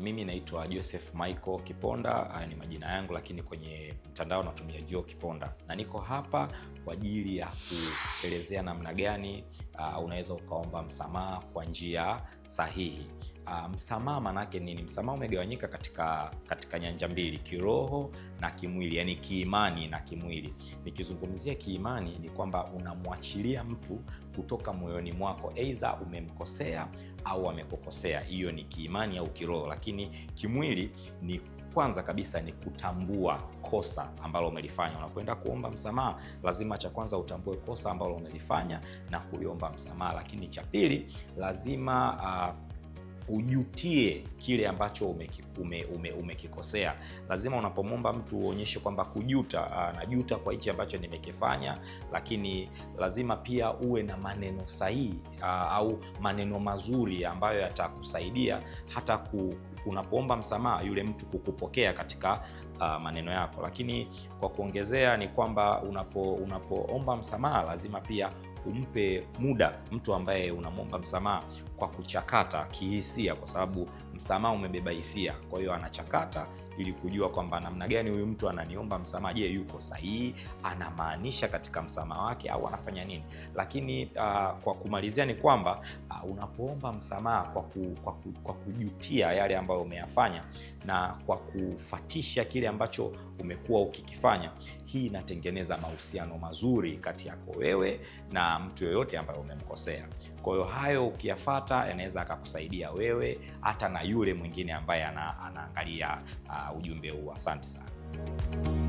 Mimi naitwa Joseph Michael Kiponda, haya ni majina yangu, lakini kwenye mtandao natumia Joe Kiponda, na niko hapa kwa ajili ya kuelezea namna gani uh, unaweza ukaomba msamaha kwa njia sahihi. Uh, msamaha manake nini? Msamaha umegawanyika katika, katika nyanja mbili, kiroho na kimwili, yani kiimani na kimwili. Nikizungumzia kiimani ni kwamba unamwachilia mtu kutoka moyoni mwako, aidha umemkosea au amekukosea, hiyo ni kiimani au kiroho lakini kimwili ni kwanza kabisa ni kutambua kosa ambalo umelifanya. Unapoenda kuomba msamaha, lazima cha kwanza utambue kosa ambalo umelifanya na kuliomba msamaha, lakini cha pili lazima uh, ujutie kile ambacho umekikosea ume, ume, ume lazima unapomwomba mtu uonyeshe kwamba kujuta, ah, najuta kwa hichi ambacho nimekifanya, lakini lazima pia uwe na maneno sahihi ah, au maneno mazuri ambayo yatakusaidia hata ku, unapoomba msamaha yule mtu kukupokea katika Uh, maneno yako. Lakini kwa kuongezea ni kwamba unapo unapoomba msamaha lazima pia umpe muda mtu ambaye unamwomba msamaha kwa kuchakata kihisia, kwa sababu msamaha umebeba hisia. Kwa hiyo anachakata ili kujua kwamba namna gani huyu mtu ananiomba msamaha. Je, yuko sahihi? Anamaanisha katika msamaha wake au anafanya nini? Lakini uh, kwa kumalizia ni kwamba unapoomba msamaha kwa, ku, kwa, ku, kwa kujutia yale ambayo umeyafanya na kwa kufatisha kile ambacho umekuwa ukikifanya, hii inatengeneza mahusiano mazuri kati yako wewe na mtu yoyote ambaye umemkosea. Kwa hiyo hayo ukiyafata yanaweza akakusaidia wewe hata na yule mwingine ambaye anaangalia uh, ujumbe huu. Asante sana.